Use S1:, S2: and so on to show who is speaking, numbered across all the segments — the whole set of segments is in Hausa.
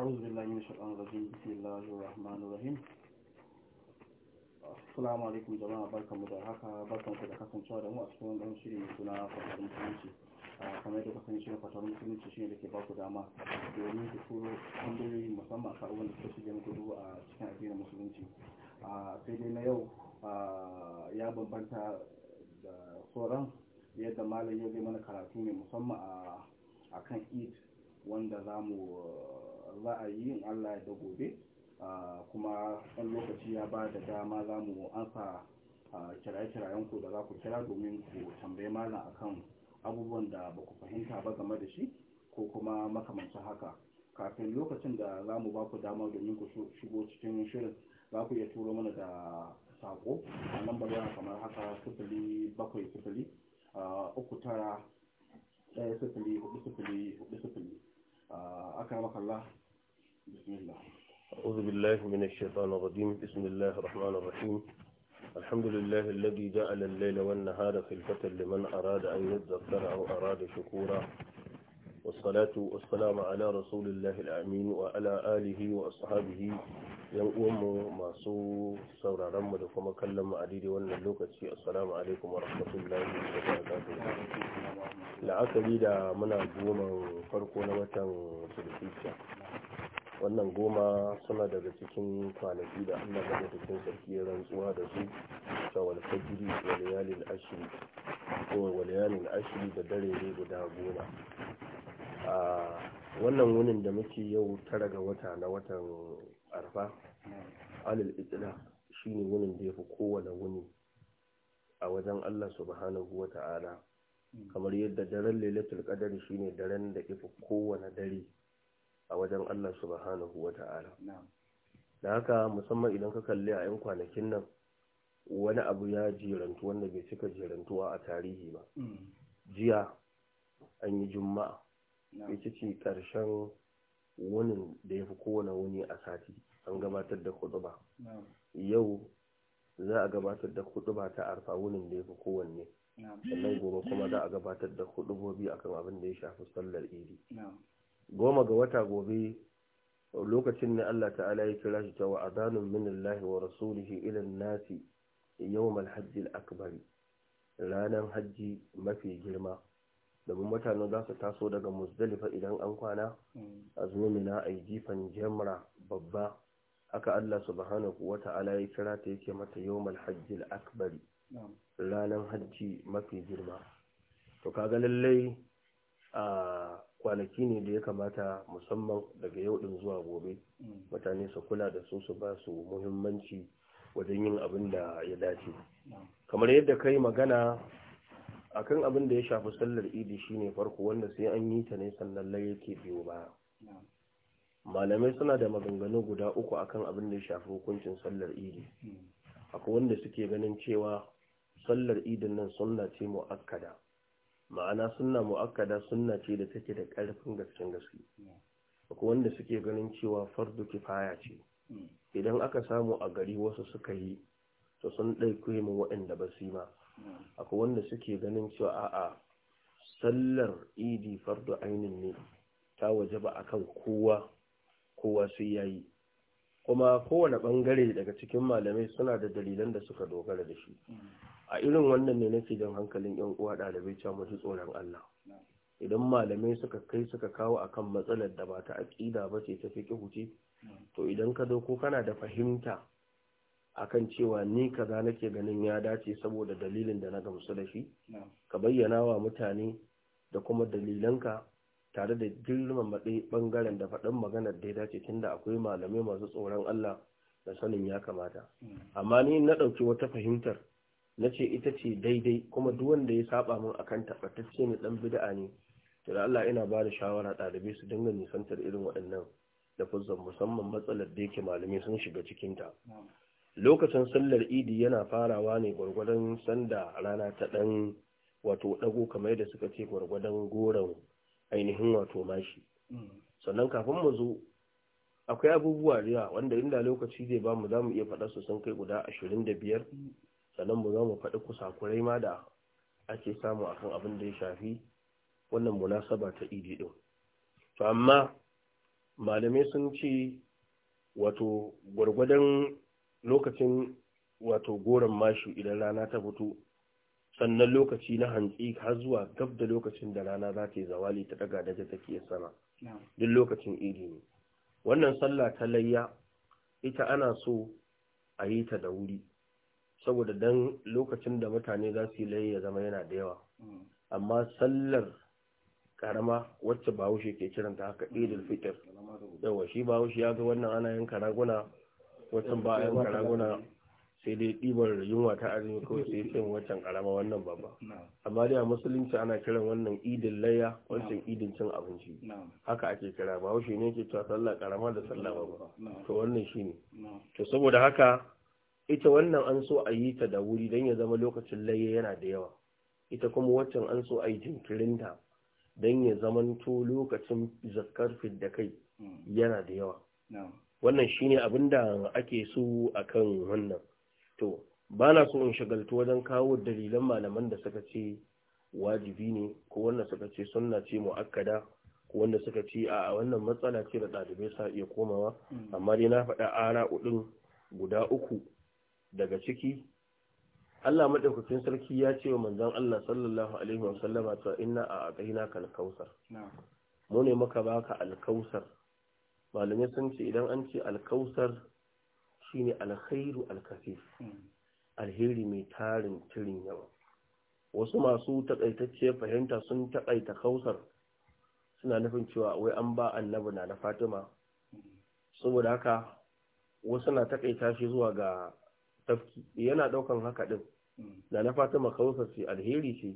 S1: أعوذ بالله من الشيطان الرجيم بسم الله الرحمن jama'a barkanmu da haka barkanku da kasancewa da mu a cikin wannan shiri mai suna fatar musulunci kamar yadda kuka shirin fatar musulunci shine da ke baku dama domin ku turo tambayoyi musamman kan abubuwan da suka shige muku duhu a cikin addinin musulunci sai dai na yau ya bambanta da sauran yadda malam ya zai mana karatu ne musamman a kan eid wanda zamu. za a yi in Allah da gobe kuma ɗan lokaci ya ba da dama za mu ansa kiraye-kirayen ku da za ku kira domin ku tambaye malam akan abubuwan da ba ku fahimta ba game da shi ko kuma makamancin haka kafin lokacin da za mu ba ku dama domin ku shigo cikin shirin za ku iya turo mana da sako a lambar yana kamar haka sifili bakwai sifili uku tara ɗaya sifili hudu sifili hudu sifili a kan makalla بسم الله أعوذ بالله من الشيطان الرجيم بسم الله الرحمن الرحيم الحمد لله الذي جعل الليل والنهار خلفة لمن أراد أن يذكر أو أراد شكورا والصلاة والسلام على رسول الله الأمين وعلى آله وأصحابه ينقوم معصو سورة رمض فما كلم عديد وأن اللوكتي السلام عليكم ورحمة الله وبركاته لعاك ليدا منا قوما فرقونا متى سلسيسا wannan goma suna daga cikin kwanaki da allah madaukakin sarki ya rantsuwa da su ta walfajiri wa ashiri ashiri da dare ne guda goma a wannan wunin da muke yau tara ga wata na watan arfa alil itila shine wunin da ya fi kowane wuni a wajen allah subhanahu wa ta'ala hmm. kamar yadda daren lailatul qadari shine daren da ya fi kowane dare a wajen Allah subhanahu wa ta'ala da haka musamman idan ka kalli a 'yan kwanakin nan wani abu ya jirantu wanda bai cika jirantuwa a tarihi ba mm. jiya an yi juma'a ita ce ƙarshen wunin da ya fi kowane wuni a sati an gabatar da ba. yau za a gabatar da ba ta arfa wunin da ya fi kowanne sannan gobe kuma za a gabatar da kudubobi akan abin da ya shafi sallar idi goma ga wata gobe lokacin ne Allah ta'ala ya kira shi cewa adanun minallahi wa rasulihi ila nasi yawmal hajjil akbar ranan hajji mafi girma domin mutane za su taso daga muzdalifa idan an kwana a mina a jifan jamra babba Haka Allah subhanahu wa ta'ala ya kira ta yake mata yawmal hajjil akbar ranan hajji mafi girma to kaga lallai a kwanaki ne da ya kamata musamman daga yau din zuwa gobe mm. mutane su kula da su su ba su muhimmanci wajen yin abin da ya dace mm. kamar yadda kai magana akan abin da ya shafi sallar idi shine farko wanda sai an yi ta ne sannan laye ke biyo ba mm. malamai suna da maganganu guda uku akan abin da ya shafi hukuncin sallar idi akwai wanda suke ganin cewa sallar idin nan sunna ce mu'akkada ma'ana sunna mu'akkada sunna ce da take da ƙarfin gasken gaske ko wanda suke ganin cewa fardu kifaya ce idan aka samu a gari wasu suka yi to sun ɗauke mu waɗanda ba su yi ma akwai wanda suke ganin cewa a'a sallar idi fardu ainin ne ta waje ba akan kowa kowa sai yayi kuma kowane ɓangare daga cikin malamai suna da dalilan da suka dogara da shi a irin wannan ne nake jan hankalin yan uwa ɗalibai cewa mu tsoron Allah idan malamai suka kai suka kawo akan matsalar da ba ta aqida ba ce ta fi huce, to idan ka zo ko kana da fahimta akan cewa ni kaza nake ganin ya dace saboda dalilin da na gamsu da shi ka bayyana wa mutane da kuma dalilanka tare da girman maɗe ɓangaren da faɗin maganar da ya dace tunda akwai malamai masu tsoron Allah da sanin ya kamata amma ni na ɗauki wata fahimtar na ce ita ce daidai kuma duk wanda ya saba min akan tabbatacce ne dan bid'a ne to da Allah ina ba da shawara ɗalibai su dinga nisantar irin waɗannan Da lafuzan musamman matsalar da yake malamai sun shiga cikin ta lokacin sallar idi yana farawa ne gwargwadon sanda rana ta ɗan wato dago kamar da suka ce gwargwadon goron ainihin wato mashi sannan kafin mu zo akwai abubuwa da wanda inda lokaci zai ba mu za mu iya faɗa su sun kai guda ashirin da biyar sannan mu zo mu faɗi kurai ma da ake samu a kan abin da ya shafi wannan munasaba ta idi ɗin to amma malamai sun ce wato gwargwadon lokacin wato goron mashi idan rana ta fito sannan lokaci na hantsi har zuwa gab da lokacin da rana za ta yi zawali ta daga daga take sama duk lokacin idi ne wannan sallah ta layya ita ana so a yi ta da wuri saboda dan lokacin da mutane za su yi layi ya zama yana da yawa mm. amma sallar karama wacce bahaushe ke kiranta haka idil fitr yawa shi bahaushe ya ga wannan ana yanka raguna wacce ba a yanka raguna sai dai ɗibar yunwa ta arziki kawai sai cin wancan karama wannan babba amma dai a musulunci ana kiran wannan idin layya wancan idin cin abinci haka ake kira bahaushe ne ke cewa sallah karama da sallah babba to wannan shine to saboda haka ita wannan an so a yi ta da wuri don ya zama lokacin laye yana da yawa ita kuma waccan an so a yi jinkirinta don ya zamanto lokacin zakar da kai mm. yana da yawa wannan shine abin da ake so akan wannan to ba na so in shagaltu wajen kawo dalilan malaman da suka ce wajibi ne ko wanda suka ce sunna ce mu'akkada ko wanda suka ce a wannan matsala ce da ɗalibai sa iya komawa mm. amma dai na faɗa ara uɗin guda uku daga ciki Allah madaukakin sarki ya ce wa manzon Allah sallallahu alaihi wa sallama to inna a aqina kal kausar mu ne muka baka al kausar malamai sun ce idan an ce al kausar shine al khairu al hmm. alheri mai tarin tirin yawa wasu masu takaitacce fahimta sun takaita kausar suna nufin cewa wai an ba annabi na na Fatima hmm. saboda haka wasu na takaita shi zuwa ga tafki eh, yana daukan haka din hmm. da na fatima kausar ce alheri ce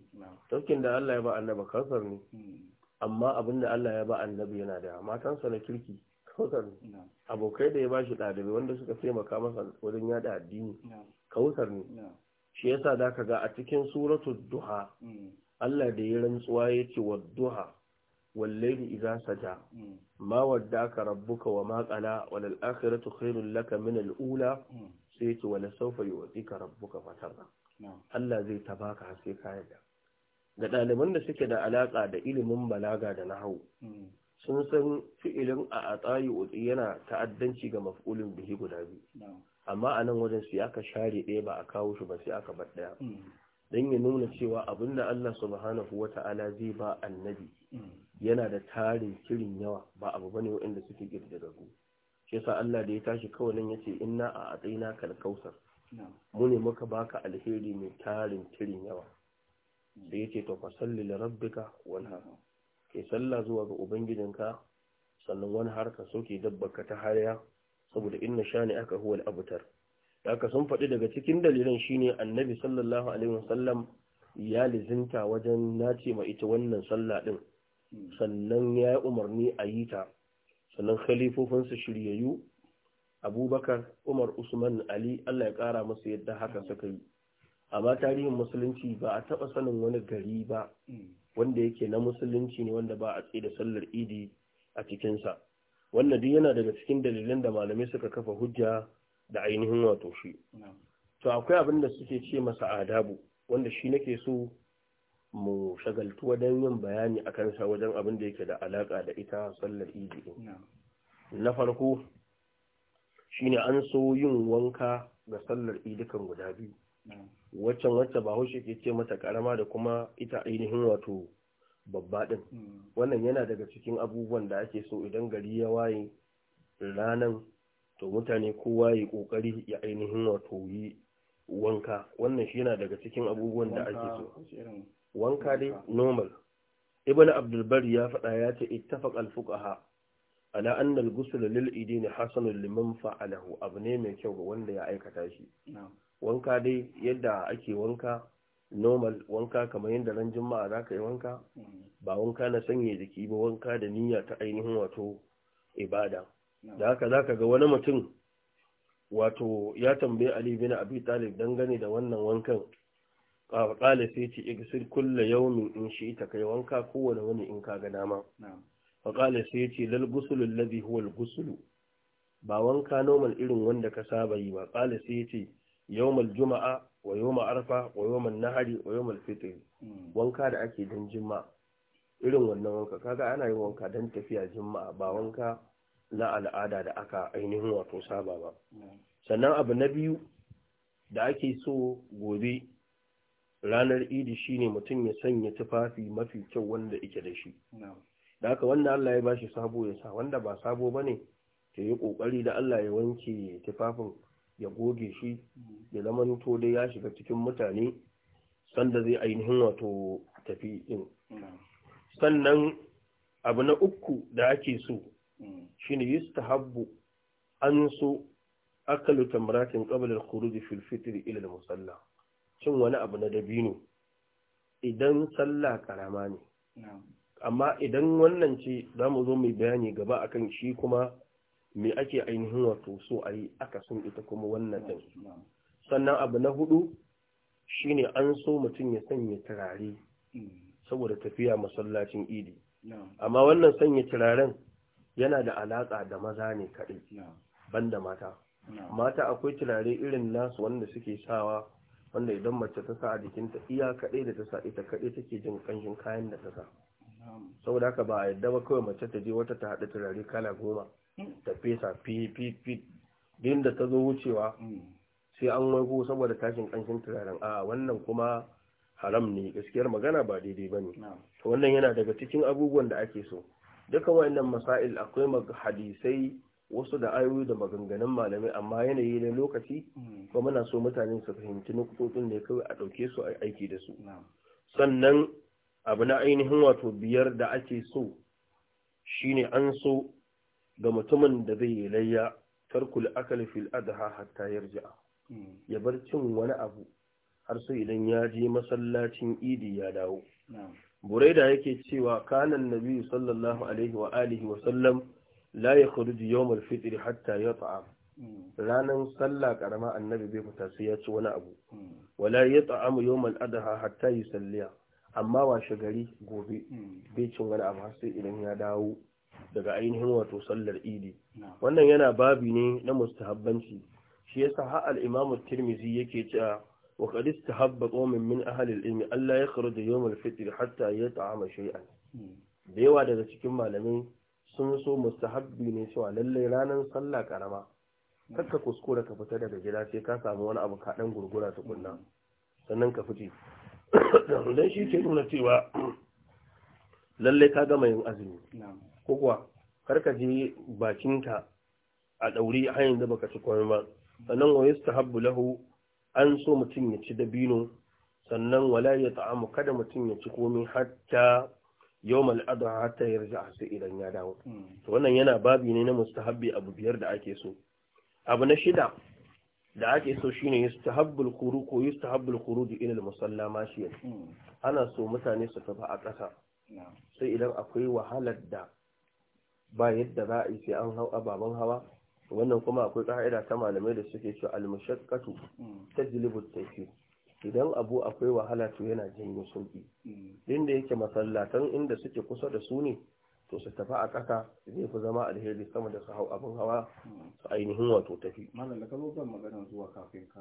S1: tafkin da Allah ya ba annabi kausar ne hmm. amma abin da Allah ya ba annabi yana da matansa na kirki kausar ne abokai da ya ba shi ɗalibai wanda suka taimaka masa wajen yada addini kausar ne shi yasa da ka ga a cikin suratul duha hmm. Allah da ya rantsuwa ya ce wa duha wallahi idza saja ma waddaka rabbuka wa ma qala wal akhiratu khairul laka min al sai yake wala saufa ka rabbuka fatarda Allah zai tabaka haske sai ka yarda ga ɗaliban da suke da alaƙa da ilimin balaga da nahawu hmm. sun san fi'ilin a atsayi utsi yana ta'addanci ga maf'ulin bihi guda biyu amma a nan wajen su aka share ɗaya ba a kawo shi ba sai aka bar ɗaya hmm. don ya nuna cewa abin da Allah subhanahu wa zai ba annabi hmm. yana da tarin kirin yawa ba abu bane waɗanda suke ku. yasa Allah da ya tashi kawai nan yace inna a atsaina kal kausar mu ne muka baka alheri mai tarin tirin yawa da yace to fa salli li rabbika wanha kai sallah zuwa ga ubangijinka sannan wani harka soke dabbaka ta hariya saboda inna shani aka huwal abutar haka sun faɗi daga cikin dalilan shine annabi sallallahu alaihi wasallam ya lizinta wajen nace ma ita wannan sallah din hmm. sannan ya yi umarni a yi ta sannan khalifofinsu shiryayyu abubakar umar usman ali allah ya ƙara masu yadda haka suka yi amma tarihin musulunci ba a taɓa sanin wani gari ba wanda yake na musulunci ne wanda ba a tsaye da sallar idi a cikinsa wannan duk yana daga cikin dalilan da malamai suka kafa hujja da ainihin wato shi to akwai abin da suke ce masa adabu wanda shi nake so mu shagaltu wajen yin bayani a kansa wajen abin da yake da alaƙa da ita sallar idi na farko shi ne an so yin wanka ga sallar idikan guda biyu waccan wacce ba haushe ke ce mata karama da kuma ita ainihin wato babba ɗin mm. wannan yana daga cikin abubuwan da ake so idan gari ya waye ranan to mutane kowa ya kokari ya ainihin wato yi wanka wannan shi yana daga cikin abubuwan da ake so wanka dai normal ibn Bari ya faɗa ya ce ittafaq al-fuqaha ala anna al-ghusl lil idin hasanun liman fa'alahu abu ne mai kyau ga wanda ya aikata shi wanka dai yadda ake wanka normal wanka kamar yadda ran juma'a zaka yi wanka mm. ba wanka na sanya jiki ba wanka da niyya ta ainihin wato ibada da haka zaka ga wani mutum wato ya tambaye Ali bin Abi Talib dangane da wannan wankan qala sai ce Iksir, kulla yawmin in shi'ta kai wanka kowane wani in ka ga dama fa sai ce lalgusulun labi huwal gusulu ba wanka normal irin wanda ka saba yi ba qala sai ce yawmal juma'a wa arfa wa nahari wa yawmal hmm. wanka da ake don juma'a irin wannan wanka kaga ana yin wanka don tafiya juma'a ba wanka na al'ada da aka ainihin wato saba ba sannan abu na biyu da ake so gobe ranar idi shine mutum ya sanya tufafi mafi kyau wanda ike da shi da haka wanda Allah ya bashi sabo ya sa wanda ba sabo bane ta yi kokari da Allah ya wanke tufafin ya goge shi ya to dai ya shiga cikin mutane sanda zai ainihin wato tafi din sannan abu na uku da ake so hmm. shine yustahabbu an so akalu tamratin qabla al-khuruj fi fitr ila al-musalla cin wani abu na dabino idan sallah karama ne amma idan wannan ce za mu zo mai bayani gaba akan shi kuma me ake ainihin wato so a yi sun ita kuma wannan ɗin sannan abu na hudu shine an so mutum ya sanya turare saboda tafiya masallacin idi amma wannan sanya turaren yana da alaƙa da maza ne kaɗai banda mata mata akwai turare irin nasu wanda suke sawa wanda idan mace ta sa a jikinta iya kaɗai da ta sa ita kaɗai take jin ƙanshin kayan da ta sa saboda haka ba a yadda ba kawai mace ta je wata ta haɗa turare kala goma ta fesa fififi din da ta zo wucewa sai an waiko saboda tashin ƙanshin turaren a wannan kuma haram ne gaskiyar magana ba daidai ba ne wannan yana daga cikin abubuwan da ake so duka wa'annan masail akwai hadisai wasu da ayoyi da maganganun malamai amma yanayi na lokaci hmm. ba muna so mutane su fahimci nukutotin ne kawai a ɗauke su a aiki da su sannan abu na ainihin wato biyar da ake so shine an so ga mutumin da zai yi layya tarkul akal fil adha hatta yarji'a hmm. ya bar cin wani abu har sai idan ya je masallacin idi ya dawo buraida yake cewa kanan nabi sallallahu alaihi wa alihi wa sallam la ya da yawmal fitiri hatta yat'am ranan sallah karama annabi bai fita sai ya ci wani abu wala mu yawmal adaha hatta yusalliya amma washe gari gobe bai cin wani abu sai idan ya dawo daga ainihin wato sallar idi wannan yana babi ne na mustahabbanci shi yasa ha al-imam tirmizi yake cewa wa qad istahabba qawmin min ahli al-ilm alla yakhruju yawm al-fitr hatta yat'ama shay'an hmm. da yawa daga cikin malamai sun so mustahabbi ne cewa lallai ranar sallah karama ka kuskura ka fita daga gida sai ka samu wani abu kaɗan gurgura tukunna sannan ka fice Dan shi ke nuna cewa lallai ka gama yin azumi ko kuwa ka je bakinka a ɗauri a hanyar da baka ci komai ba sannan wa yastahabbu lahu an so mutum ya ci dabino sannan wala ya ta'amu kada mutum ya ci komai hatta yawmal adha hatta yarja sai idan ya dawo hmm. to wannan yana babi ne na mustahabbi abu biyar da ake so abu na shida da ake so shine yustahabbul Kuru ko yustahabbul khuruj ila al-musalla mashiyan hmm. ana so mutane su tafi a ƙasa sai idan akwai wahalar da ba yadda za a yi sai an hau ababen hawa wannan kuma akwai ƙa'ida ta malamai da suke cewa al-mushaqqatu hmm. tajlibu at-taysir idan abu akwai wahala to yana janyo sauki inda yake masallatan inda suke kusa da su ne to su tafi a ƙasa zai fi zama alheri sama da su hau abin hawa su ainihin wato tafi malam da ka kan magana zuwa kafin ka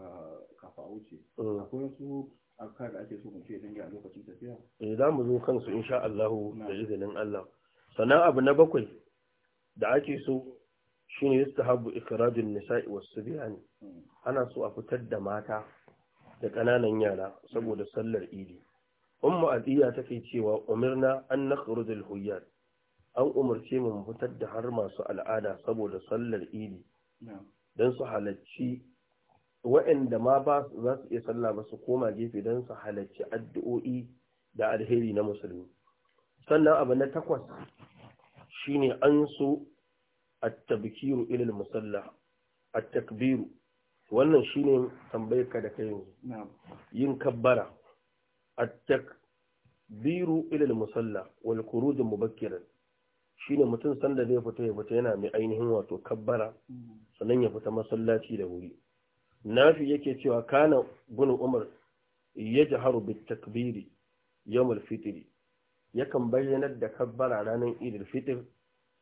S1: kafa wuce mm. akwai wasu abubuwa da ake so mu ce dangi a lokacin tafiya eh za mu zo kansu insha Allah da izinin Allah sannan abu na bakwai da ake so shine yastahabu ikradun nisa'i was-sibyan mm. ana so a fitar da mata da ƙananan yara saboda sallar idi ummu ta take cewa umirna an nakhrujul huyyar an umarce mu fitar da har masu al'ada saboda sallar idi don su halarci wa'anda ma ba za su iya sallah ba su koma gefe don su halarci addu'o'i da alheri na musulmi sannan abu na takwas shine an so a tabbikiru ila al-musalla takbiru wannan shine ne tambayarka da kai yanzu yin kabbara a takbiru biru ilil musalla wal khuruj mubakkiran shine mutum sanda zai fita ya fita yana mai ainihin wato kabbara mm. sannan ya fita masallaci da wuri nafi yake cewa kana bunu umar yajharu bit takbiri yawm fitiri yakan bayyanar da kabbara ranar ilil fitr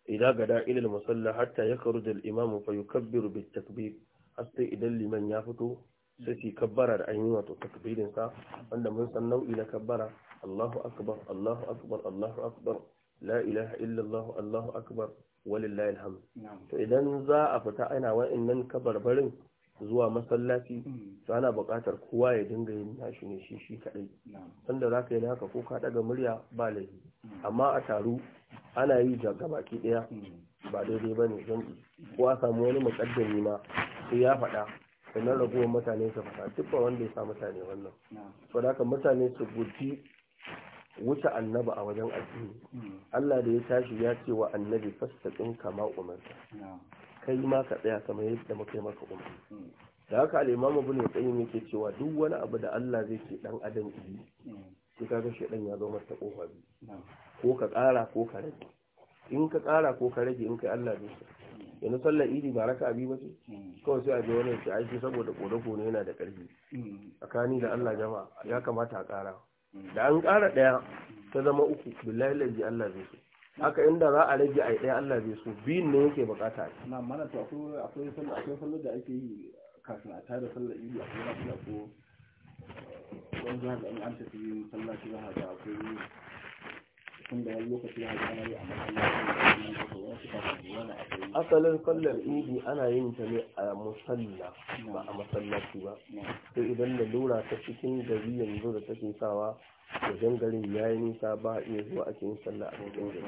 S1: idan gada ilil musalla hatta ya karu da imamu fa yukabbiru bit har idan liman ya fito sai su kabbara da yi wato takbirin sa wanda mun san nau'i na kabbara Allahu akbar Allahu akbar Allahu akbar la ilaha illallah Allahu akbar walillahi alhamd to idan za a fita ana wa'annan kabarbarin zuwa masallaci mm. to ana buƙatar kowa ya dinga yin nashi ne shi shi kaɗai sanda za ka yi haka ko ka ɗaga murya ba laifi mm. amma a taru ana yi jaga baki ɗaya mm. ba daidai ba ne don ko a samu wani muƙaddami ma sai ya faɗa sannan raguwar mutane su faɗa duk wanda ya sa mutane wannan so da haka mutane su guji wuce annaba a wajen addini Allah da ya tashi ya ce wa annabi fastaqin kama umarta kai ma ka tsaya kamar yadda muka yi maka umarni da haka al-imam ibn qayyim yake cewa duk wani abu da Allah zai ce dan adam yi sai kaga shedan ya zo masa kofa ko ka ƙara ko ka rage in ka ƙara ko ka rage in kai Allah zai yanzu sallar idi ba raka abi ba ce hmm. kawai sai a je wani sai aiki saboda kodako ne yana da ƙarfi hmm. tsakani da Allah jama'a ya kamata a kara hmm. da an ƙara ɗaya ta zama uku billahi lalji Allah zai so haka inda za a rage a ɗaya Allah zai so biyun ne yake bukata na mana to akwai akwai sallar akwai sallar da ake yi kafin a tare sallar idi a kuma ko wanda an tafi masallaci za a ga akwai asalin sallar idi ana yin ta ne a musalla ba a masallaci ba sai idan da lura ta cikin gari yanzu da take sawa wajen garin ya yi nisa ba iya zuwa ake yin sallah a cikin gari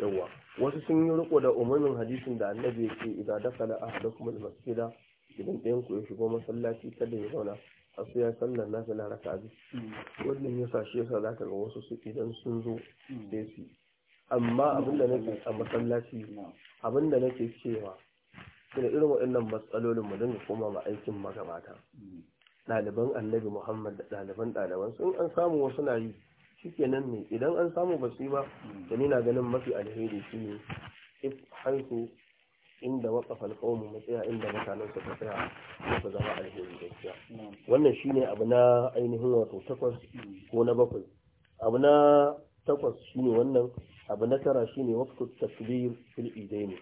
S1: yawa wasu sun yi riko da umarnin hadisin da annabi ya ce idan dakala ahadakum da masjida idan ɗayan ku ya shigo masallaci kada ya zauna asu ya sallar na na raka abin mm. wannan ya sa shi yasa zaka ga wasu su idan sun zo mm. mm. da su amma abinda nake a masallaci abinda nake cewa da irin waɗannan matsalolin mu dinga koma ma aikin magabata ɗaliban annabi muhammad da ɗaliban ɗaliban sun an samu wasu na yi shikenan ne idan an samu basu ba da ni na ganin mafi alheri shine if haihu inda waƙafa alƙawun mu tsaya inda mutanen suka tsaya suka zama alheri gaskiya wannan shine abu na ainihin wato takwas ko na bakwai abu na takwas shine wannan abu na tara shine waqtu takbir fil idaini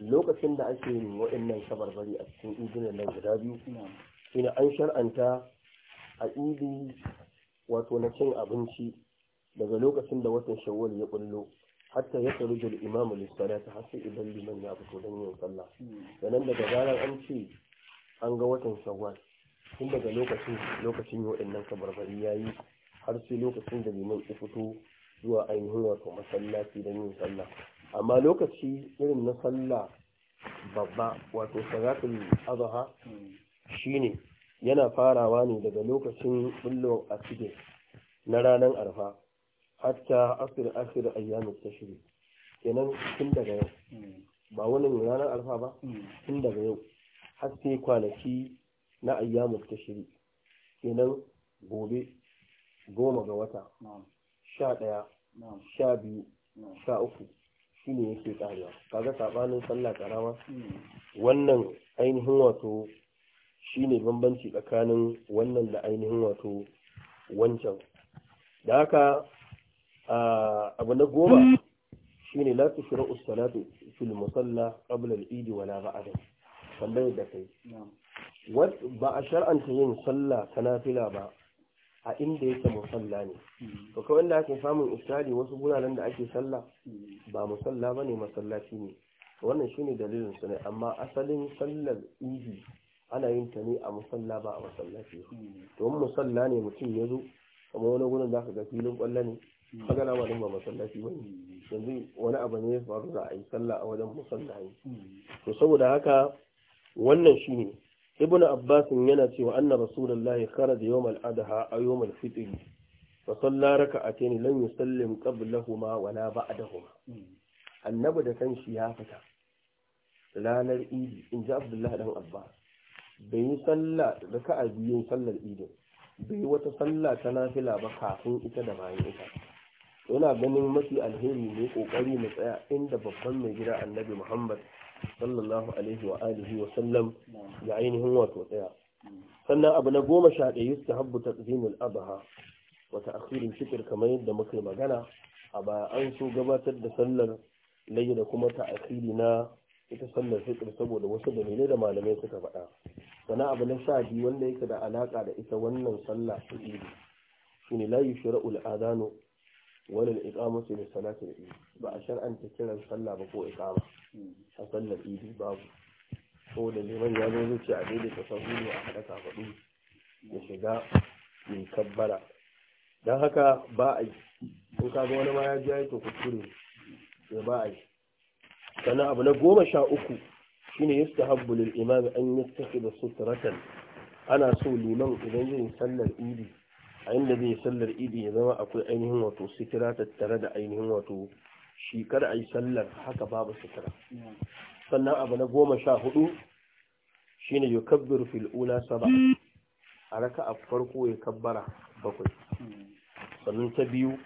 S1: lokacin da ake yin wa'annan kabarbari a cikin idunan nan guda biyu ina an shar'anta a idi wato na cin abinci daga lokacin da watan shawwal ya bullo hatta ya tsaro da imamu lissara ta hasu idan liman ya fito don yin sallah Da nan daga zarar an ce an ga watan shawwal tun daga lokacin lokacin yau ɗin nan kabarbari ya yi har sai lokacin da liman ya fito zuwa ainihin wato masallaci don yin sallah amma lokaci irin na sallah babba wato salatul adha shine yana farawa ne daga lokacin bullo asibiti na ranar arfa hatta asir asir ayyamin tashri kenan tun daga yau hmm. ba wani ranar alfa ba hmm. tun daga yau har sai kwanaki na ayyamu tashri kenan gobe goma ga wata sha ɗaya sha biyu sha uku shi ne yake karewa kaga saɓanin sallah karama hmm. wannan ainihin wato shi ne bambanci tsakanin wannan da ainihin wato wancan da haka Ah, abu na goma hmm. shine la tushra'u salatu fil musalla qabla al-eid wala ba'da da kai ba a shar'anta yin sallah ta nafila ba a inda yake musalla ne hmm. to kawai da ake samun isali wasu guraren da ake sallah hmm. ba musalla bane masallaci ne wannan shine dalilin su ne amma asalin sallar idi ana yin ta ne a musalla ba a masallaci To musalla ne mutum ya zo kamar wani gudun da aka ga filin kwallo ne magana ba hmm. ba masallaci ba yanzu wani abu ne ya faru za a yi sallah a wajen musallaci hmm. to saboda haka wannan shine ibnu abbas yana cewa anna rasulullahi kharaja yawm al-adha aw yawm al-fitr fa salla raka'atayn lam yusallim qablahuma wa ba'dahuma hmm. annabi da kanshi ya fita ranar idi in ji abdullahi dan abbas bai yi sallah raka'a biyun sallar Idi. bai wata sallah ta nafila ba kafin ita da bayan ita yana ganin mafi alheri ne kokari mu tsaya inda babban mai gida annabi muhammad sallallahu alaihi wa alihi wa sallam ya ainihin wato tsaya sannan abu na goma sha ɗaya yusta habbu taqdimul Abaha. Wata ta'khirul fitr kamar yadda muka yi magana a baya an so gabatar da sallar layya da kuma ta'khiri na ita sallar fitr saboda wasu dalilai da malamai suka faɗa Sannan abu na sha biyu wanda yake da alaka da ita wannan sallah ta idi shine la yushra'ul adhanu wani iqamatu li salati al-eid ba a shar'anta kiran sallah ba ko ikama a sallar idi babu ko da liman ya zo zuci a daidai ta sahu ne a haɗa kafaɗu ya shiga mai kabbara don haka ba a yi in kaga wani ma ya ji ya yi to kuskure ya ba a yi sannan abu na goma sha uku shine yasta habbulil imam an da sutratan ana so liman idan yin sallar idi a inda zai sallar idi ya zama akwai ainihin wato sitira tattare da ainihin wato shi kar a sallar haka babu sitira sannan abu na goma sha hudu shine yi fil fil'ula saba a raka a farko ya kabbara bakwai sannan ta biyu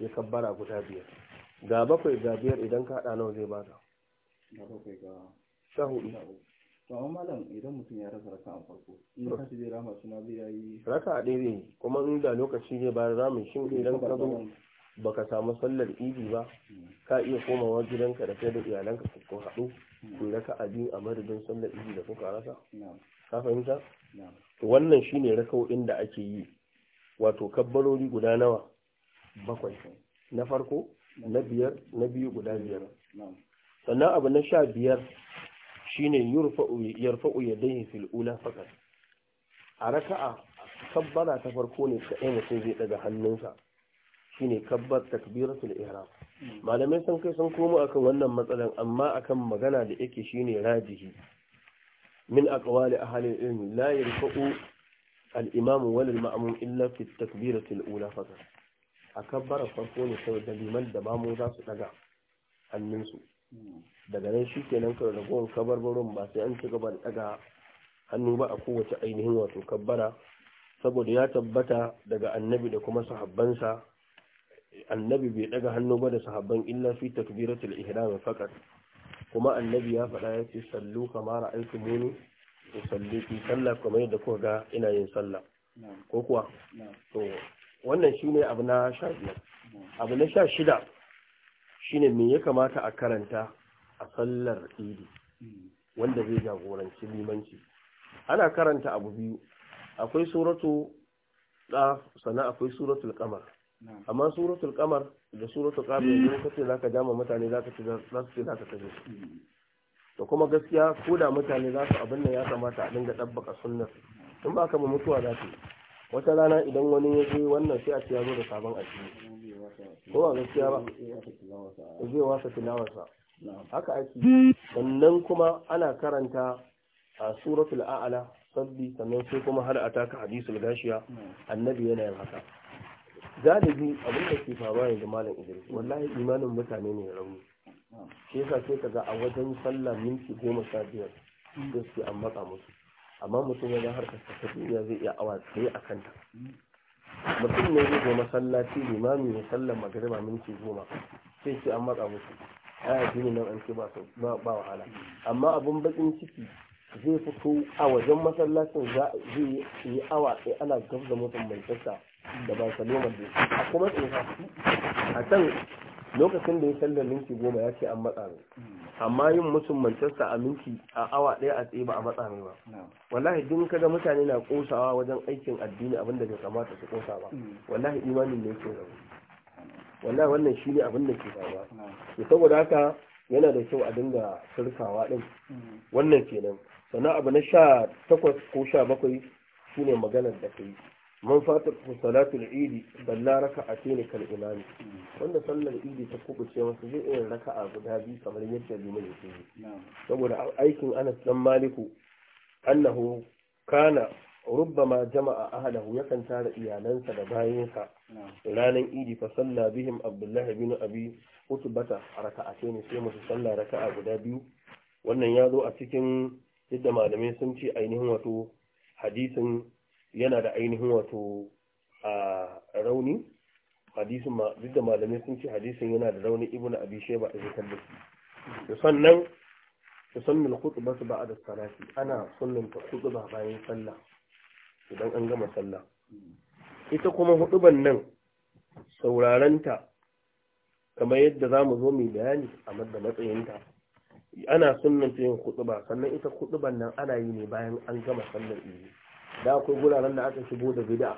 S1: ya kabbara guda biyar ga bakwai ga biyar idan ka hada nawa zai ba ga sha hudu to amma malam idan mutum ya rasa raka farko in ka zai rama zai yayi raka ɗaya kuma in da lokaci ne bayan ramin shin idan ka zo baka samu sallar idi ba ka iya komawa gidanka da kai da iyalanka ku haɗu ku raka abin a madadin sallar idi da kuka rasa ka fahimta to wannan shine raka'o'in da ake yi wato kabbarori guda nawa bakwai na farko na biyar na biyu guda biyar sannan abu na sha biyar shine yurfa'u yarfa'u yadayhi fil ula faqat a raka'a kabbara ta farko ne kaɗai mutum zai daga hannunsa shine kabbar takbiratul ihram malamai sun kai sun komo akan wannan matsalan amma akan magana da yake shine rajihi min aqwali ahli ilmi la yarfa'u al-imam wal ma'mum illa fi takbiratul ula faqat a kabbara farko ne sai da ba da za su daga hannunsu daga nan shi kenan ka ragowar kabarbarin ba sai an ci gaba da daga hannu ba a kowace ainihin wato kabbara saboda ya tabbata daga annabi da kuma sahabbansa annabi bai daga hannu ba da sahabban illa fi takbiratul ihram faqat kuma annabi ya faɗa ya ce sallu kama ra'aytu muni usalli fi salla kuma yadda kuka ga ina yin sallah ko kuwa to wannan shine abu na 15 abu na 16 shine me ya kamata a karanta a sallar idi wanda zai jagoranci limanci ana karanta abu biyu akwai suratu da sannan akwai suratul qamar amma suratul qamar da suratul qamar idan kace zaka jama mutane zaka ci za su ce zaka tafi to kuma gaskiya ko da mutane za su abin nan ya kamata a dinga dabbaka sunnar in ba ka mutuwa za wata rana idan wani ya je wannan sai a ce ya zo da sabon addini ko ba gaskiya ba zai wasa tilawarsa haka ake sannan kuma ana karanta a suratul a'ala sabbi sannan sai kuma har a taka hadisul gashiya annabi yana yin haka galibi abin da ke faruwa ga malam idris wallahi imanin mutane ne rauni shi yasa sai kaga a wajen sallah minti goma sha biyar da an matsa musu amma mutum wajen harkar ta duniya zai iya awa tsaye a kanta mutum ne zai zo masallaci limami ya sallar magariba minti goma sai ce an matsa musu aya jini nan an ce ba wahala amma abin bakin ciki zai fito a wajen masallacin zai yi awa sai ana gabza mutum mai tasa da ba salomar da a kuma tsofa a can lokacin da ya sallar minti goma ya ce an matsa mai amma yin mutum manchester a minti a awa ɗaya a tsaye ba a matsa mai ba wallahi duk kaga mutane na kosawa wajen aikin addini abin da bai kamata su kosa ba mm. wallahi imanin ne yake rabu wallahi wannan shi ne abin da ke faruwa to saboda haka yana da kyau a dinga turkawa din mm. wannan kenan sannan abu na sha takwas ko sha bakwai shine maganar da yi. man fatar salatul idi balla raka'ati ne kal imami wanda sallar idi ta kubuce masu zai iya raka'a guda biyu kamar yadda liman yake saboda aikin Anas dan Maliku annahu kana rubbama jama'a ahlahu yakan tara iyalansa da bayinsa ranar idi fa salla bihim Abdullahi bin Abi Utbata raka'ati ne sai musu salla raka'a guda biyu wannan ya zo a cikin yadda malamai sun ce ainihin wato hadisin yana da ainihin wato a rauni hadisin duk da malamai sun ce hadisin yana da rauni ibnu abi shayba a zikan da shi sannan tusannin khutba su ba da salati ana ta khutba bayan sallah idan an gama sallah ita kuma huɗuban nan sauraranta kamar yadda za mu zo mu bayani a madda matsayinta ana ta yin khutba sannan ita khutban nan ana yi ne bayan an gama sallar izi da akwai guraren da aka shigo da bid'a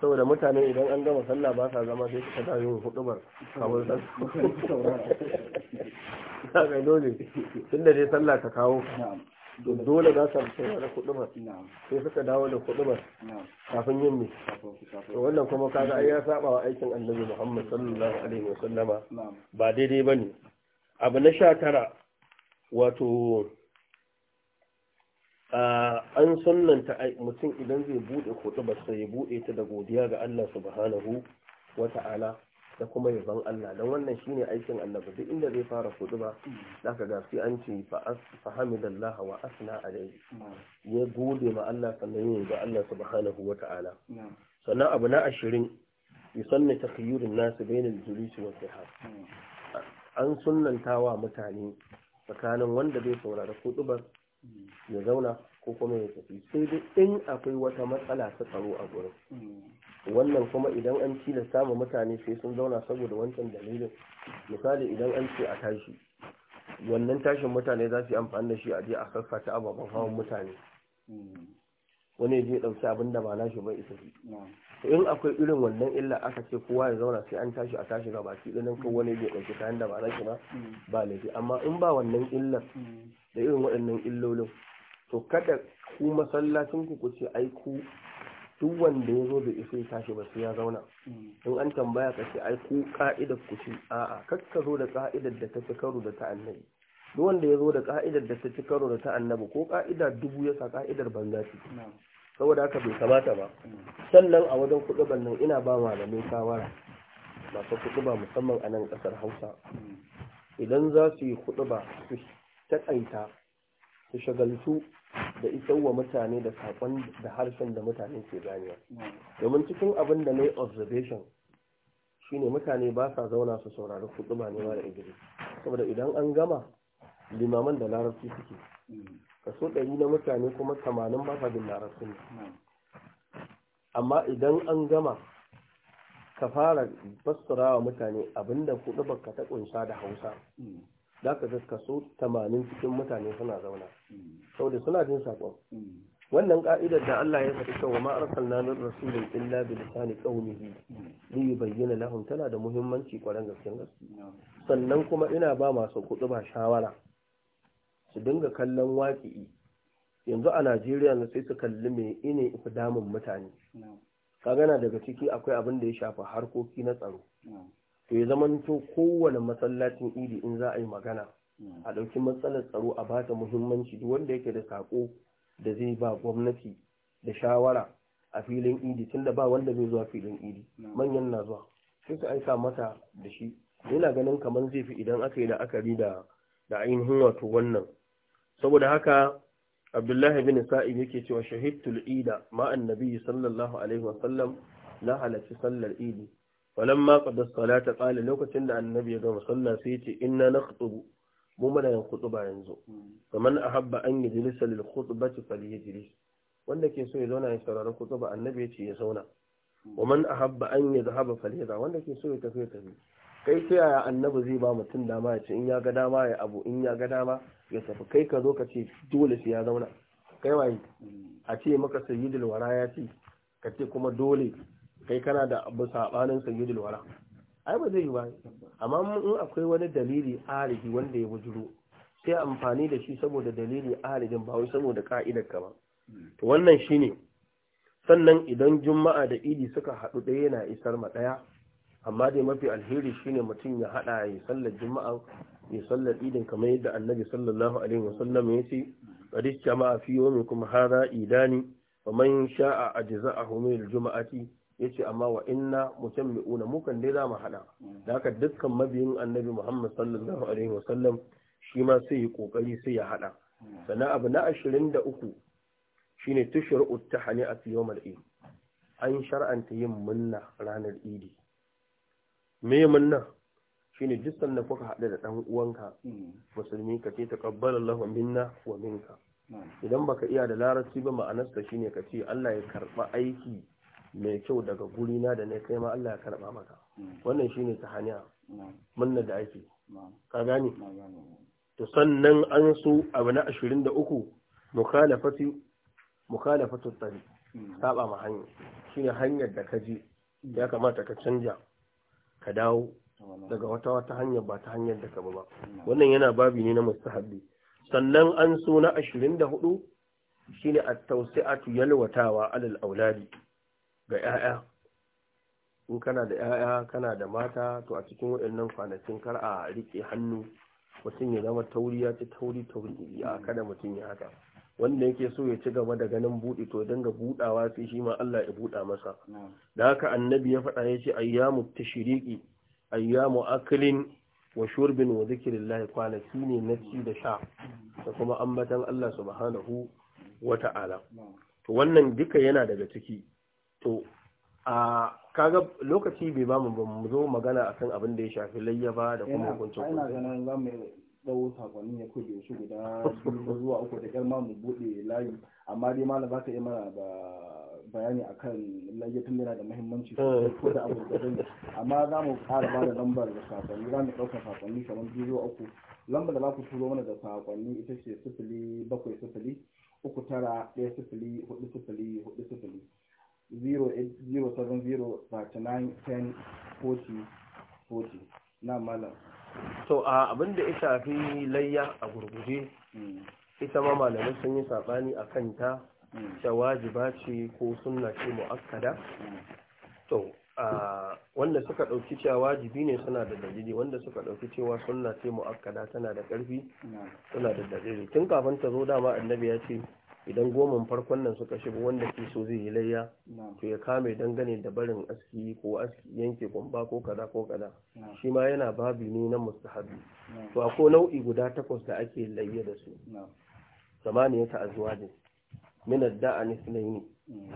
S1: saboda mutane idan an gama sallah ba sa zama sai suka ta yin hudubar kawo ga dole tun da dai sallah ta kawo dole za su saurara hudubar sai suka dawo da hudubar kafin yin ne to wannan kuma kaga ai ya saba wa aikin annabi Muhammad sallallahu alaihi wa sallama ba daidai bane abu na sha tara wato an sunanta mutum idan zai buɗe kutubar sai ya buɗe ta da godiya ga Allah subhanahu wa ta'ala da kuma yaban Allah don wannan shine aikin Allah. duk inda zai fara kutuba zaka ga sai an ce fa hamidallah wa asna alayhi ya gode ma Allah sannan ya ga Allah subhanahu wa ta'ala sannan abu na ashirin yusanna takhayyurun nas bainal julus wa sihar an sunnantawa mutane tsakanin wanda zai saurari kutubar ya zauna ko kuma ya tafi sai dai in akwai wata matsala ta tsaro a gurin wannan kuma idan an ci da samun mutane sai sun zauna saboda wancan dalilin misali idan an ce a tashi wannan tashin mutane za su yi amfani da shi a je a ta ababen hawan mutane wani je ɗauki abin da ba nashi bai isa shi in akwai irin wannan illa aka ce kowa ya zauna sai an tashi a tashi ga baki ɗanin kan wani ya ɗauki kayan da ba nashi ba mm. ba laifi amma in ba wannan illar mm. da irin waɗannan illolin to kada ku masallacin ku ku ce ai ku duk wanda ya zo da isa ya tashi ba sai ya zauna mm. in an tambaya ka ce ai ku ka'idar ku ce a'a kar ka zo da ka'idar da ta fi karo da ta annabi duk wanda ya zo da ka'idar da ta fi karo da ta annabi ko ka'ida dubu ya sa ka'idar banza ce saboda haka bai kamata ba sannan a wajen kuɗuban nan ina ba malamai shawara masu kuɗuba musamman a nan ƙasar hausa idan za su yi kuɗuba su taƙaita su shagaltu da isar wa mutane da saƙon da harshen da mutane ke ganewa domin cikin abin da na yi observation shine mutane ba sa zauna su saurari kuɗuba ne da igiri saboda idan an gama limaman da larabci suke kaso ɗari na mutane kuma tamanin ba na bin amma idan an gama ka fara fassara wa mutane abinda kuɗi baka ta ƙunsa da hausa mm. za ka kaso tamanin cikin mutane suna zauna mm. da suna jin saƙon mm. wannan ƙa'idar da Allah ya faɗi kawo ma arsalna rasulun rasulin illa sani ƙaunihi qaumihi li yubayyana tana da muhimmanci kwaran gaskiyar gaske sannan kuma ina ba masu kuɗi ba shawara su dinga kallon waƙi'i yanzu a najeriya na sai su kalli mai ine ifi damun mutane kagana daga ciki akwai abin da ya shafi harkoki na tsaro to ya zamanto kowane masallacin idi in za a yi magana a ɗauki matsalar tsaro a ba ta muhimmanci duk wanda yake da sako da zai ba gwamnati da shawara a filin idi tunda ba wanda zai zuwa filin idi manyan na zuwa sai su aika mata da shi yana ganin kamar zai fi idan aka yi la'akari da da ainihin wato wannan saboda haka abdullahi bin sa'id yake cewa shahidtul ida ma annabi sallallahu alaihi wa sallam la halatti sallar idi falamma qada salata qala lokacin da annabi ya gama sallah sai yace inna nakhutubu mu muna yin khutuba yanzu faman ahabba an yajlisa lil khutbati falyajlis wanda ke so ya zauna ya saurari khutuba annabi yace ya zauna wa man ahabba an yadhhaba falyadha wanda ke so ya tafi ya tafi kai ta yaya annabi zai ba mutum dama ya ce in ya ga dama ya abu in ya ga dama ya tafi kai ka zo ka ce dole sai ya zauna kai waye a ce maka sayyidul wara ya ce ka ce kuma dole kai kana da abu sabanin sayyidul wara ai ba zai yi ba amma in akwai wani dalili arihi wanda ya bujuro sai amfani da shi saboda dalili arihin ba wai saboda ka'idar ka ba to wannan shine sannan idan juma'a da idi suka haɗu ɗaya yana isar ma ɗaya amma dai mafi alheri shine mutum ya hada ya sallar juma'a ya sallar idin kamar yadda annabi sallallahu alaihi wasallam ya ce qadis jama'a fi yawmikum hadha idani wa man sha'a ajza'ahu min al-juma'ati yace amma wa inna mutammi'una mu kan dai zamu hada da haka dukkan mabiyin annabi Muhammad sallallahu alaihi wasallam shi ma sai ya kokari sai ya hada sannan abu na 23 shine tushru'u tahani a yawmal eid an shar'anta yin munna ranar idi me munna ne jistan da kuka haɗe da ɗan uwanka musulmi ka ce Allah wa minna wa minka idan baka iya da larabci ba ma'anarsa shine ka ce Allah ya karba aiki mai kyau daga gurina da na kai ma Allah ya karba maka wannan shi ne ta hanya munna da ake ka gane to sannan an so abu na uku mukhalafati mukhalafatu tsari saba ma hanya ne hanyar da ka je ya kamata ka canja ka dawo daga wata wata hanyar ba ta hanyar da ka ba wannan yana babi ne na mustahabbi sannan an so na ashirin da 24 shine at-tawsi'atu yalwatawa alal auladi ga 'ya'ya in kana da 'ya'ya kana da mata to a cikin waɗannan kwanakin kar a riƙe hannu mutum ya zama tauri ya ci tauri tauri a kada mutum ya haka wanda yake so ya ci gaba da ganin buɗe to dinga buɗawa sai shi ma Allah ya buɗa masa da haka annabi ya faɗa ya ce ayyamu tashriqi ayyamu aklin wa shurbin wa zikrillah kwanaki ne na ci da sha da kuma ambatan Allah subhanahu wa ta'ala to wannan duka yana daga ciki to a kaga lokaci bai ba mu zo magana akan abin da ya shafi layyaba da kuma hukuncin ina ɗau sakonnin ya kuɗe shi guda biyu zuwa uku da ƙyar mu buɗe layi amma dai malam za ka iya mana ba bayani akan layyatun yana da muhimmanci ko da abu da zai amma za mu ƙara ba da lambar da sakonni za mu ɗaukar sakonni kamar biyu zuwa uku lambar da za ku turo mana da sakonni ita ce sifili bakwai sifili uku tara ɗaya sifili hudu sifili hudu sifili thirty 39 10 40 40 na malam to a abinda ya shafi layya a gurguje hmm. ita ma malamai sun yi saɓani a kanta hmm. ta wajiba ce ko suna ce mu'akkada hmm. to wanda suka ɗauki cewa wajibi ne suna da dalili wanda suka ɗauki cewa suna ce mu'akkada tana da ƙarfi suna da dalili tun kafin ta zo dama annabi ya ce idan goman farkon nan suka shigo wanda ke so zai yi layya to ya kame dangane da barin aski ko aski yanke gumba ko kaza ko kaza shi ma yana babi ne na mustahabi to akwai nau'i guda takwas da ake layya da su ya ta'azuwa azwajin min adda'a yi.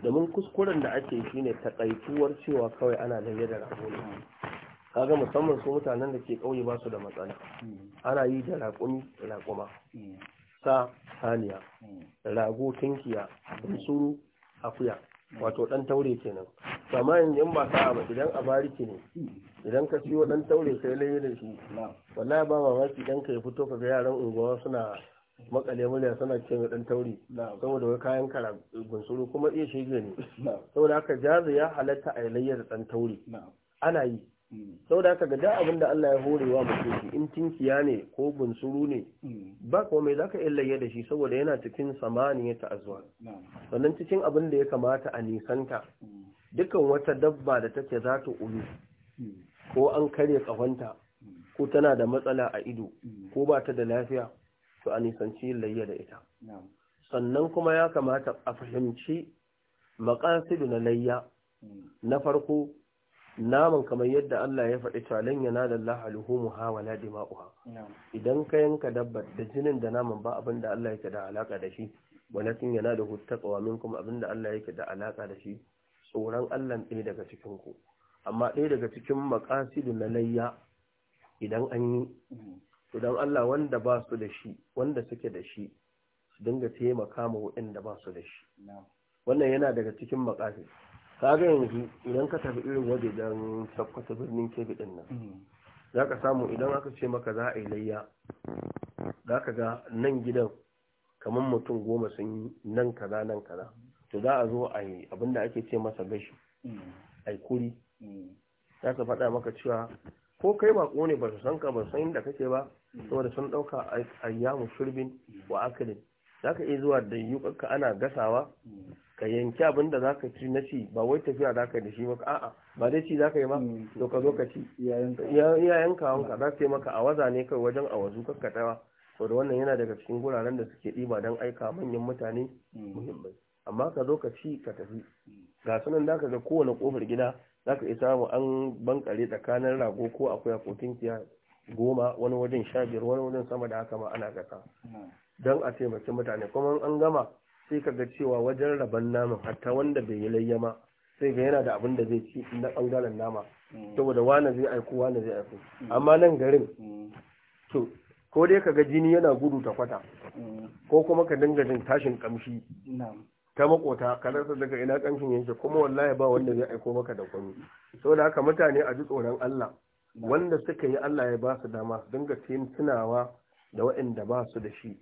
S1: domin kuskuren da ake shi shine takaituwar cewa kawai ana layya da rago ne kaga musamman su mutanen da ke kauye ba su da matsala mm. ana yi da raƙumi raƙuma mm. ta saniya rago tunkiya bunsuru akuya wato dan taure kenan amma yanzu in ba ka ba idan a bariki ne idan ka siyo dan taure kai laye da shi wallahi ba mamaki idan ka fito ka ga yaran unguwa suna makale murya suna ce dan taure saboda wai kayan kara bunsuru kuma iya shege ne saboda haka jazu ya halatta a layyar dan taure ana yi sau da aka gada abin da Allah ya horewa shi in tinkiya ne ko bunsuru ne ba ko mai zaka illaye da shi saboda yana cikin samaniya ta azwa sannan cikin abin da ya kamata a nisanta dukan wata dabba da take za ta ulu ko an kare kafanta ko tana da matsala a ido ko ba ta da lafiya to a nisanci illaye da ita sannan kuma ya kamata a fahimci maƙasidu na layya na farko naman kamar yadda Allah ya faɗi talin yana da Allah luhumuha dima dima'uha idan ka yanka dabbar da jinin da naman ba abin da Allah yake da alaka da shi walakin da taqwa minkum abin da Allah yake da alaka da shi tsoron Allah ɗaya daga cikin ku amma ɗaya daga cikin maqasidu na layya idan an yi mm-hmm. idan Allah wanda ba su da shi wanda suke da shi su dinga taimaka ma waɗanda ba su da shi wannan yana daga cikin maqasid kaga yanzu idan ka tafi irin don sakkwata birnin kebe din nan mm. za ka samu idan aka ce maka za a yi layya za ka ga nan gidan kamar mutum goma sun yi nan kaza nan kaza to za a zo a yi abinda ake ce masa gashi mm. a yi kuri mm. za ka faɗa maka cewa ko kai bako ne ba su san ka ba san inda kake ba saboda sun ɗauka a yamu shirbin wa akalin za ka iya zuwa da yuƙarka ana gasawa ka yanki abin da za ka ci na ci ba wai tafiya za ka da shi maka a'a ba dai ci za ka yi ba mm. to ka zo ka ci iyayen za su yi maka awaza ne kai wajen a wazu kakka tawa to da wannan yana daga cikin guraren da suke ɗiba don aika manyan mutane mm. muhimmai amma ka zo ka ci ka tafi ga sunan da ka ga kowane kofar gida za ka iya samu an bankare tsakanin rago ko akwai a kiya goma wani wajen sha biyar wani wajen sama da haka ma ana gasa mm. don a taimaki mutane kuma an gama sai ka ga cewa wajen rabon naman hatta wanda bai yi layyama sai ga yana da abin da zai ci na bangaren nama mm. saboda wane zai aiko wane zai aiko mm. amma nan garin mm. to ko dai ka ga jini yana gudu ta kwata ko kuma ka dinga jin tashin kamshi ta makota ka rasa daga ina kamshin yanke kuma wallahi ba wanda zai aiko maka da kwami saboda haka mutane a ji tsoron Allah wanda suka yi Allah ya ba su dama dinga tunawa da waɗanda ba su da shi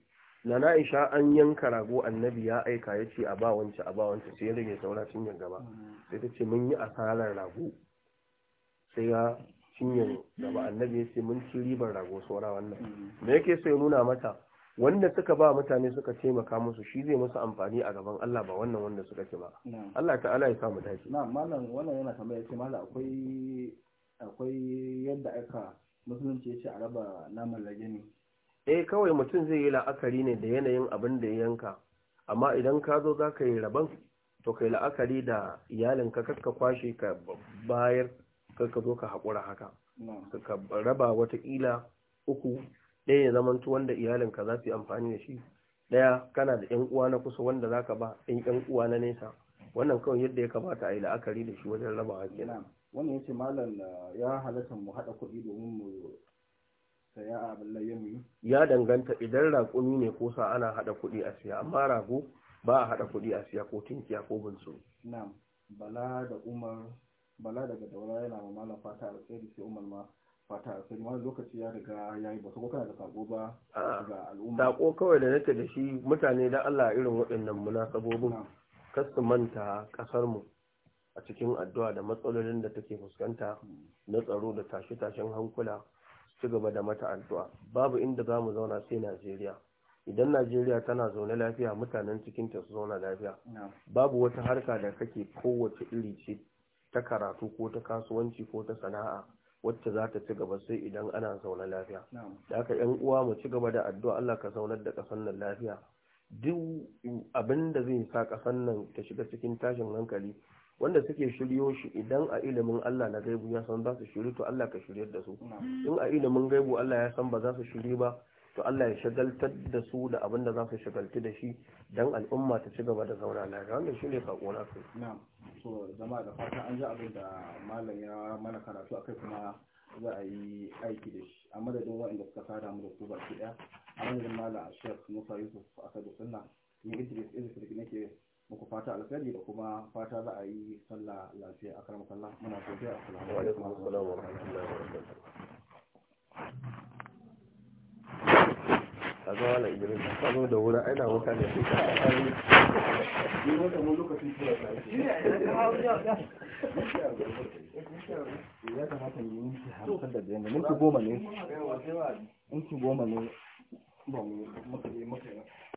S1: na na'isha an yanka rago annabi ya aika ya ce a ba wance a ba wance sai ya rage saura cinyar gaba sai ta ce mun yi asarar rago sai ya cinyar gaba annabi ya ce mun ci ribar rago saura wannan me yake so ya nuna mata wanda suka ba mutane suka taimaka musu shi zai musu amfani a gaban Allah ba wannan wanda suka ce ba Allah ta'ala ya samu dace na mallam wannan yana tambaya ce mallam akwai akwai yadda aka musulunci ya ce a raba naman rage ne eh kawai mutum zai yi la'akari ne da yanayin abin da ya yanka amma idan ka zo za ka yi rabon to kai la'akari da iyalinka kakka kwashe ka bayar kakka zo ka haƙura haka ka raba watakila uku ɗaya ya zamantu wanda iyalinka za su yi amfani da shi ɗaya kana da 'yan uwa na kusa wanda za ka ba ɗan 'yan uwa na nesa wannan kawai yadda ya kamata a yi la'akari da shi wajen raba haƙƙi wannan ce malam ya halatta mu haɗa kuɗi domin mu saya a abin ya danganta idan raƙumi ne ko sa ana haɗa kuɗi a siya amma rago ba a haɗa kuɗi a siya ko tinkiya ko bunsu na'am bala da umar bala daga daura yana ma malam fata alkhairi sai umar ma fata alkhairi wani lokaci ya riga ya yi ba ko kana da sako ba ga al'umma sako kawai da nake da shi mutane da Allah irin waɗannan munasabobin kar su manta ƙasar mu a cikin addu'a da matsalolin da take fuskanta hmm. na tsaro da tashe-tashen hankula ci gaba da mata addu'a babu inda za mu zauna sai najeriya idan najeriya tana zaune lafiya mutanen cikinta su zauna lafiya babu wata harka da kake kowace iri ce ta karatu ko ta kasuwanci ko ta sana'a wacce za ta ci gaba sai idan ana zaune lafiya da haka yan uwa mu ci gaba da addu'a Allah ka zaunar da ƙasar nan lafiya duk abin da zai sa ƙasar nan ta shiga cikin tashin hankali wanda suke shiryo shi idan a ilimin Allah na gaibu ya san za su shiryu to Allah ka shiryar da su in a ilimin gaibu Allah ya san ba za su shiryu ba to Allah ya shagaltar da su da abin da za su shagaltu da shi dan al'umma ta ci gaba da zauna lafiya wannan shine ka kona su na'am zama da fatan an ji abin da malam ya mana karatu akai kuma za a yi aiki da shi a madadin waɗanda suka fara mu da ku baki ɗaya a madadin malam Sheikh Musa Yusuf da Sunna ni Idris Idris da nake muku fata alkhairi da kuma fata za a yi sallah lafiya akram sallah muna godiya alaikum wa rahmatullahi idris da wura aina wuka ne ka yi wata mun lokacin ta shi ne ya kamata yi da ne goma ne goma ne